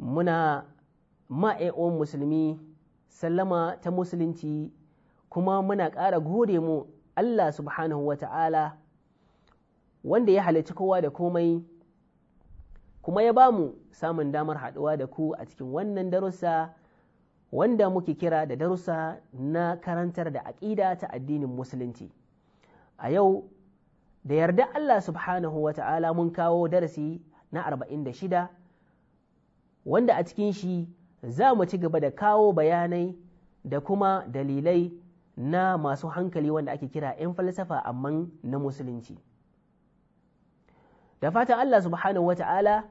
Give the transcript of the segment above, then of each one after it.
muna ma'a'on musulmi sallama ta musulunci kuma muna ƙara gode mu Allah subhanahu wa ta'ala wanda ya halarci kowa da komai kuma ya ba mu samun damar haɗuwa da ku a cikin wannan darussa wanda muke kira da darussa na karantar da aƙida ta addinin musulunci a yau da yarda Allah subhanahu wa ta'ala mun kawo darasi na 46 wanda a cikin shi za mu ci gaba da kawo bayanai da kuma dalilai na masu hankali wanda ake kira 'yan falsafa amma na musulunci da fatan Allah subhanahu wata'ala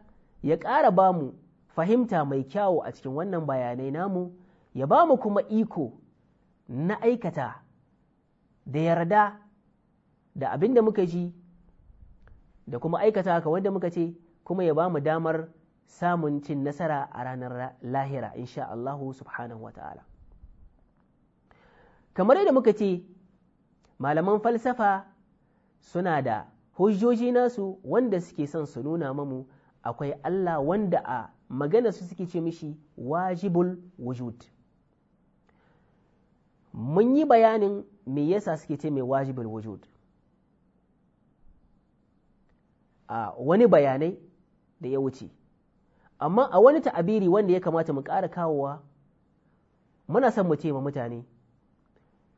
ya ƙara ba mu fahimta mai kyawo a cikin wannan bayanai namu ya ba mu kuma iko na aikata da yarda da abin da muka ji da kuma aikata ka wanda muka ce kuma ya ba mu damar samun cin nasara a ranar lahira insha Allahu subhanahu wa ta'ala kamar yadda muka ce malaman falsafa suna da hujjoji nasu wanda suke son su nuna mamu akwai Allah wanda a magana su suke ce mishi wajibul wujud mun yi bayanin me yasa suke ce mai wajibul wujud a wani bayanai da ya wuce amma a wani ta'abiri wanda ya kamata mu ƙara kawowa muna son mu ce ma mutane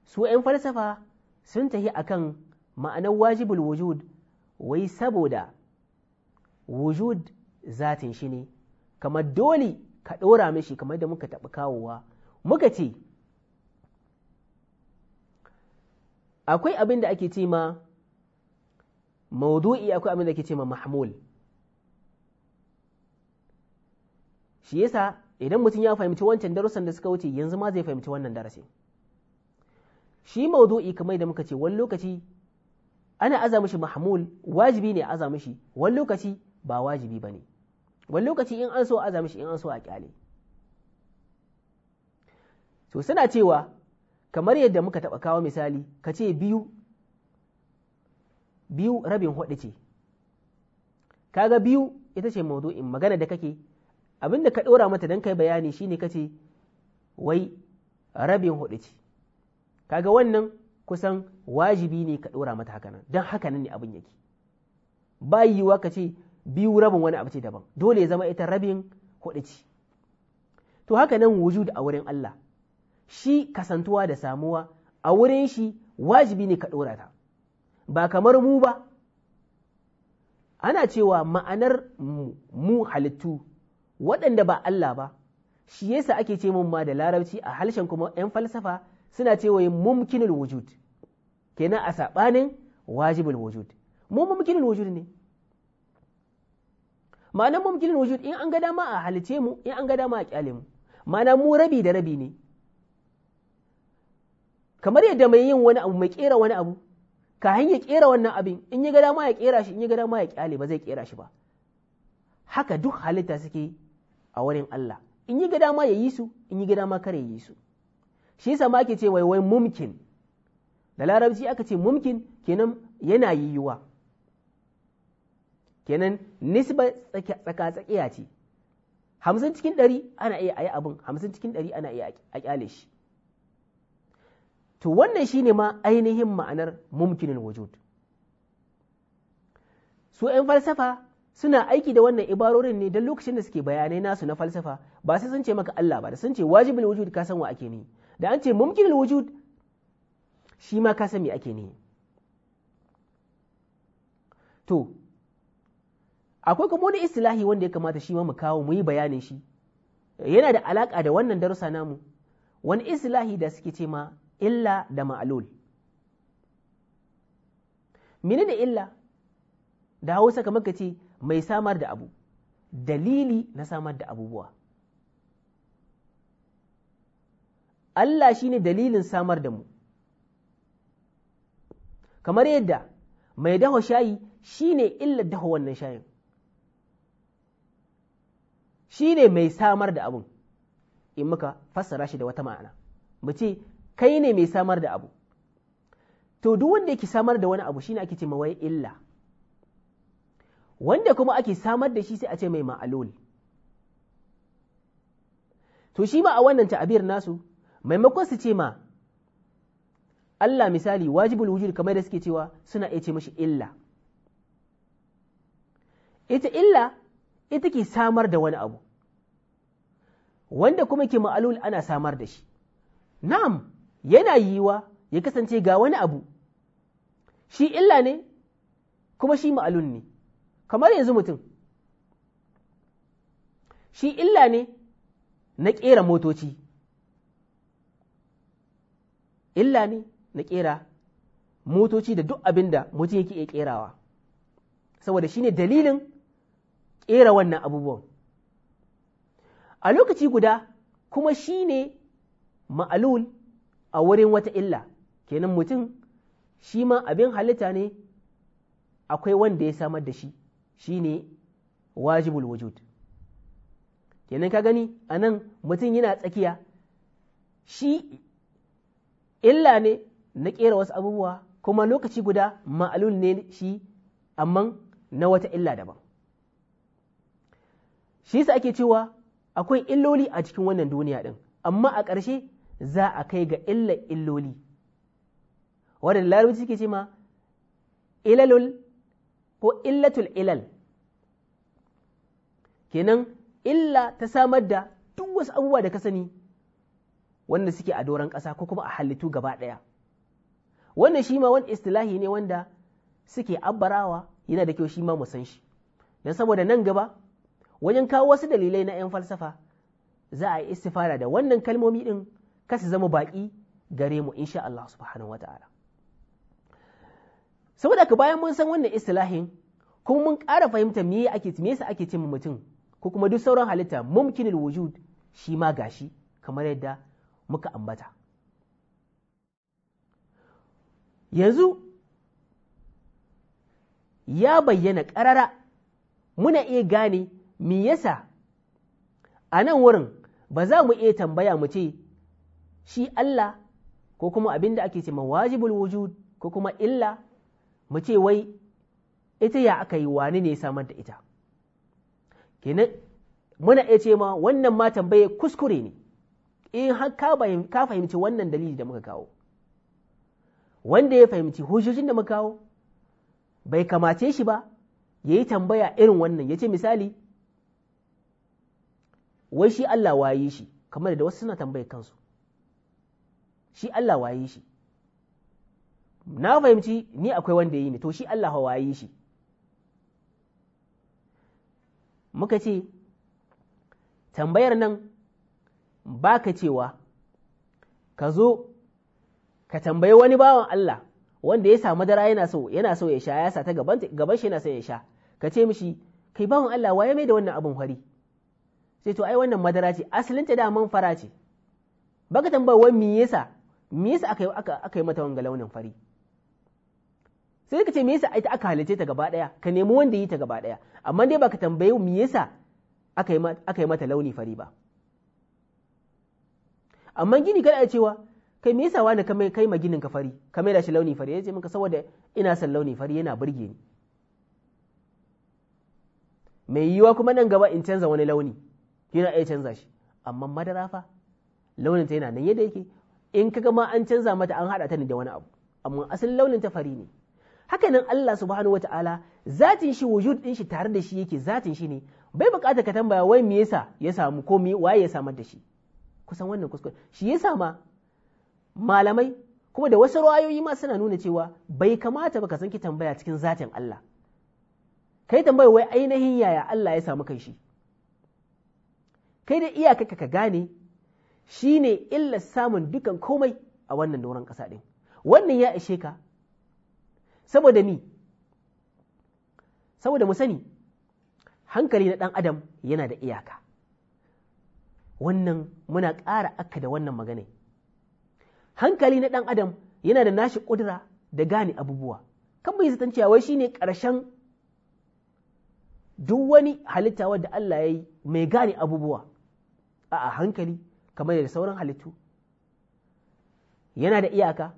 su 'yan falsafa sun tafi akan ma'anar wajibul wujud wai saboda wujud zatin shi ne kamar dole ka ɗora mishi kamar da muka taɓa kawowa muka ce akwai abin da ake ce ma maudu'i akwai abin da ake ce ma mahmul shi yasa idan mutum ya fahimci wancan darussan da suka wuce yanzu ma zai fahimci wannan darasi shi maudu'i kamar da muka ce wani lokaci ana aza mishi mahmul wajibi ne aza mishi wani lokaci ba wajibi ba ne wani lokaci in an so aza mishi in an so a kyale to suna cewa kamar yadda muka taɓa kawo misali ka ce biyu biyu rabin hudu ce kaga biyu ita ce maudu'in magana da kake abin da ka ɗora mata don kai bayani shine ka ce wai rabin hudu ce kaga wannan kusan wajibi ne ka ɗora mata hakanan don hakanan ne abin yake ba yiwuwa ka ce biyu rabin wani abu ce daban dole ya zama ita rabin hudu ce to hakanan wujud a wurin Allah shi kasantuwa da samuwa a wurin shi wajibi ne ka ɗora ta ba kamar mu ba ana cewa ma'anar mu halittu waɗanda ba Allah ba shi yasa ake ce mun ma da larabci a halshen kuma 'yan falsafa suna ce yin mumkinul wujud kenan a saɓanin wajibul wujud mu mumkinul wujud ne ma'anar mumkinul wujud in an ga dama a halice mu in an ga dama a kyale mu ma'ana mu rabi da rabi ne kamar yadda mai yin wani abu mai kera wani abu ka hanya kera wannan abin in ya ga dama ya kera shi in ya ga dama ya kyale ba zai kera shi ba haka duk halitta suke a wurin Allah in yi ga dama ya yi su in yi ga dama kare yi su shi yasa ma ake ce wai wai mumkin da larabci aka ce mumkin kenan yana yiwuwa kenan nisba tsaka-tsakiya ce hamsin cikin ɗari ana iya a yi abin hamsin cikin ɗari ana iya a ƙyale shi to wannan shi ne ma ainihin ma'anar mumkinin wujud su ‘yan falsafa suna aiki da wannan ibarorin ne don lokacin da suke bayanai nasu na falsafa ba sai sun ce maka Allah ba da sun ce wajibul wujud ka san wa ake ni da an ce mumkinul wujud shi ma ka san me ake ni to akwai kuma wani istilahi wanda ya kamata shi ma mu kawo mu yi bayanin shi yana da alaka da wannan darussa namu wani istilahi da suke ce ma illa da ma'alul menene illa da hausa kamar ka ce mai samar da abu dalili na samar da abubuwa Allah shi ne dalilin samar da mu kamar yadda mai daho shayi shi ne illar daho wannan shayin shi ne mai samar da abun in muka fassara shi da wata ma'ana mu ce kai ne mai samar da abu to duk wanda yake samar da wani abu shine ake ce mawai illa wanda kuma ake samar da shi sai a ce mai ma'alul to shi ma a wannan ta'abir nasu maimakon su ce ma Allah misali wajibul wujud kamar da suke cewa suna iya ce mashi illa ita illa ita ke samar da wani abu wanda kuma ke ma'alul ana samar da shi na'am yana yiwa ya kasance ga wani abu shi illa ne kuma shi ma'alul ne kamar yanzu mutum shi illa ne na ƙera motoci illa ne na ƙera motoci da duk abin da mutum yake iya ƙerawa saboda shine dalilin ƙera wannan abubuwan a lokaci guda kuma shi ne ma'alul a wurin wata illa kenan mutum shi ma abin halitta ne akwai wanda ya samar da shi shine wajibul wujud kenan ka gani a nan mutum yana tsakiya shi illa ne na ƙera wasu abubuwa kuma lokaci guda ma'alul ne shi amma na wata illa daban shi sa ake cewa akwai illoli a cikin wannan duniya ɗin amma a ƙarshe za a kai ga illa illoli wadda larabci suke ce ma ilalul ko illatul ilal kenan illa ta samar da duk wasu abubuwa da ka sani wanda suke a doron ƙasa ko kuma a halittu gaba ɗaya wannan shi ma wani istilahi ne wanda suke abbarawa yana da kyau shi ma mu san shi don saboda nan gaba wajen kawo wasu dalilai na 'yan falsafa za a yi istifara da wannan kalmomi ɗin kasu zama baƙi gare mu insha Allah subhanahu wa ta'ala saboda ka bayan mun san wannan istilahin kuma mun ƙara fahimta me ake me yasa ake cin mutum ko kuma duk sauran halitta mumkinul wujud shi ma gashi kamar yadda muka ambata yanzu ya bayyana ƙarara muna iya gane me yasa a nan wurin ba za mu iya tambaya mu ce shi Allah ko kuma abin ake ce wajibul wujud ko kuma illa mu ce wai ita ya aka yi wani ne ya samar da ita kenan muna iya ce ma wannan ma tambaye kuskure ne in har ka fahimci wannan dalili da muka kawo wanda ya fahimci hujjojin da muka kawo bai kamace shi ba ya yi tambaya irin wannan ya ce misali wai shi Allah waye shi kamar da wasu suna tambaye kansu shi Allah waye shi na fahimci ni akwai wanda yi ni to shi Allah hawaye shi muka ce tambayar nan ba ka cewa ka zo ka tambayi wani bawan Allah wanda ya samu madara yana so yana so ya sha ya sa ta gaban shi yana son ya sha ka ce mishi kai bawan Allah waye mai da wannan abin fari sai to ai wannan madara ce asalinta da man fara ce baka tambaya wai me yasa me yasa aka yi mata wanga launin fari sai ka ce me yasa ita aka halice ta gaba daya ka nemi wanda yi ta gaba daya amma dai baka tambaye me yasa aka yi mata launi fari ba amma gini kana cewa kai me yasa wani kai kai ma ginin ka fari ka mai da shi launi fari yace maka saboda ina son launi fari yana burge ni mai yiwa kuma nan gaba in canza wani launi yana iya canza shi amma madara fa launin ta yana nan yadda yake in kaga ma an canza mata an hada ta ne da wani abu amma asalin launin ta fari ne haka nan Allah subhanahu wataala zatin shi wujud din shi tare da shi yake zatin shi ne bai bukata ka tambaya wai me yasa ya samu ko me waye ya samar da shi kusan wannan kuskure shi yasa ma malamai kuma da wasu ra'ayoyi ma suna nuna cewa bai kamata ba ka san ki tambaya cikin zatin Allah kai tambaya wai ainihin yaya Allah ya samu kai kai da iyaka ka gane shine illa samun dukan komai a wannan doron kasa ɗin wannan ya ishe ka saboda mi saboda mu sani hankali na ɗan adam yana da iyaka wannan muna ƙara aka da wannan magana hankali na ɗan adam yana da nashi ƙudura da gane abubuwa kan bai zaton cewa wai shine ƙarshen duk wani halitta wadda Allah ya yi mai gane abubuwa a hankali kamar da sauran halittu yana da iyaka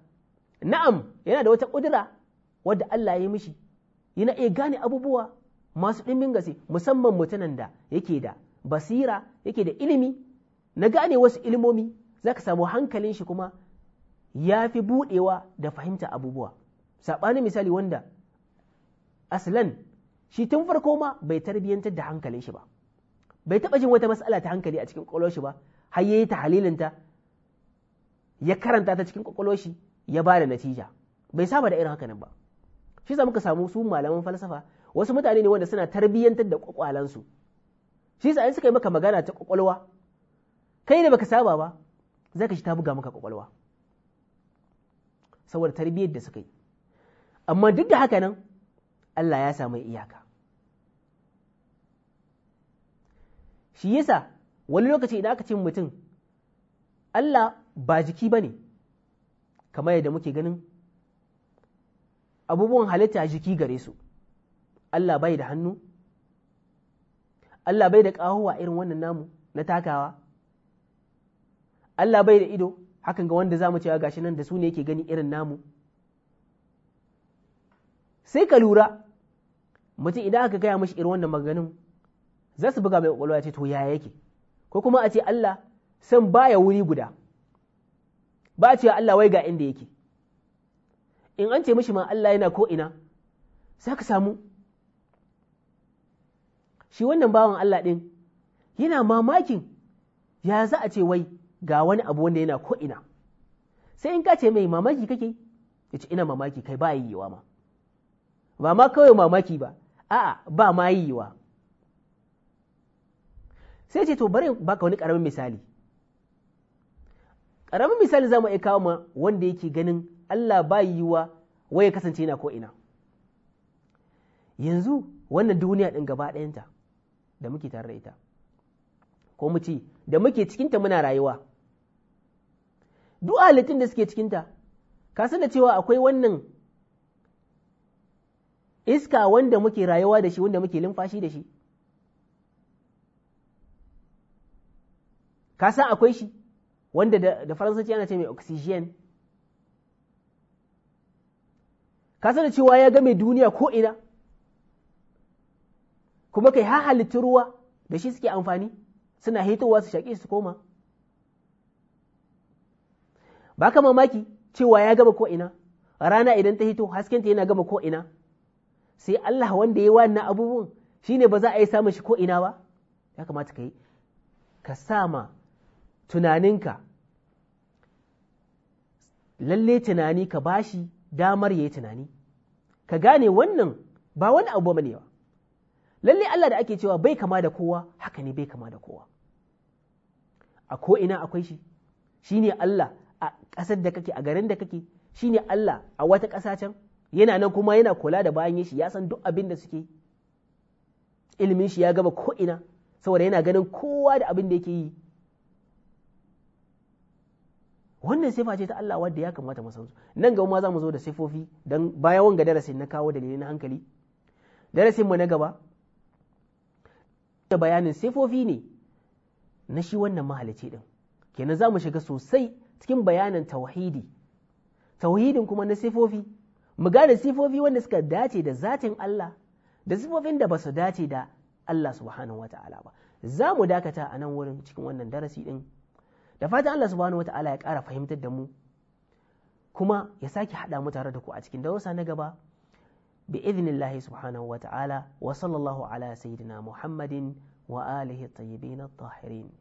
na'am yana da wata ƙudura wadda Allah ya yi mishi yana iya gane abubuwa masu ɗimbin gaske musamman mutanen da yake da basira yake da ilimi na gane wasu ilmomi za ka samu hankalin shi kuma ya fi buɗewa da fahimta abubuwa saɓanin misali wanda aslan shi tun farko ma bai tarbiyyantar da hankalin shi ba bai taɓa jin wata matsala ta hankali a cikin ƙwaƙwalwar shi ba har yayi ta halilinta ya karanta ta cikin ƙwaƙwalwar shi ya ba da natija bai saba da irin hakanin ba shi sa muka samu su malaman falsafa wasu mutane ne wanda suna tarbiyyantar da kwakwalansu shi sa in suka yi maka magana ta kwakwalwa kai da baka saba ba za ka shi ta buga maka kwakwalwa saboda tarbiyyar da suka yi amma duk da haka nan Allah ya samu iyaka shi yasa wani lokaci idan aka ce mutum Allah ba jiki ba ne kamar yadda muke ganin abubuwan halitta jiki gare su Allah bai da hannu Allah bai da ƙahuwa irin wannan namu na takawa Allah bai da ido hakan ga wanda zamu cewa gashi nan da su ne yake gani irin namu sai ka lura mutum idan aka gaya mashi irin wannan maganin za su buga mai ƙwaƙwalwa ya ce to yaya yake ko kuma a ce Allah san baya wuri guda ba a cewa Allah wai ga inda yake in an ce mishi ma Allah yana ko ina za ka samu shi wannan bawan Allah ɗin yana mamakin ya za a ce wai ga wani abu wanda yana ko ina sai in ka ce mai mamaki kake ya ce ina mamaki kai ba yiwa ma ba ma kawai mamaki ba a'a ba ma yiwa sai ce to bari baka wani karamin misali ƙaramin misali za mu iya kawo ma wanda yake ganin Allah ba yiwa wai ya kasance yana ko'ina yanzu wannan duniya ɗin gaba ɗayanta da muke tare da ita ko mu ce da muke cikinta muna rayuwa Du'a halittun da suke cikinta ka da cewa akwai wannan iska wanda muke rayuwa da shi wanda muke limfashi da shi ka san akwai shi wanda da, da faransanci ana ce mai oxygen ka sani cewa ya game duniya ko ina kuma kai ha halittar ruwa da shi suke amfani suna hitowa su shaƙe su koma ba ka mamaki cewa ya gama ko ina rana idan ta hito haskenta yana gama ko ina sai Allah wanda ya wannan abubuwan shi ne ba za a yi samun shi ko ina ba ya kamata ka yi ka sama tunaninka lalle tunani ka bashi damar ya yi tunani ka gane wannan ba wani abu ba ne ba lalle Allah da ake cewa bai kama da kowa haka ne bai kama da kowa a ko ina akwai shi Shi ne Allah a ƙasar da kake a garin da kake Shi ne Allah a wata ƙasa can yana nan kuma yana kula da bayan shi ya san duk abin da suke ilimin shi ya gaba ko ina saboda yana ganin kowa da abin da yake yi wannan sifa ce ta Allah wadda ya kamata mu san su nan gaba ma za mu zo da sifofi dan bayan wanga darasin na kawo dalili na hankali darasin mu na gaba da bayanin sifofi ne na shi wannan mahalici din kenan za mu shiga sosai cikin bayanin tauhidi tauhidin kuma na sifofi mu gane sifofi wanda suka dace da zatin Allah da sifofin da ba su dace da Allah subhanahu wataala ba za mu dakata a nan wurin cikin wannan darasi din da fatan Allah subhanahu wata'ala ya ƙara fahimtar da mu kuma ya sake haɗa mu tare da ku a cikin darussa na gaba bi idnillahi subhanahu wata'ala wa sallallahu ala sayyidina muhammadin wa alihi tayyibin at-tahirin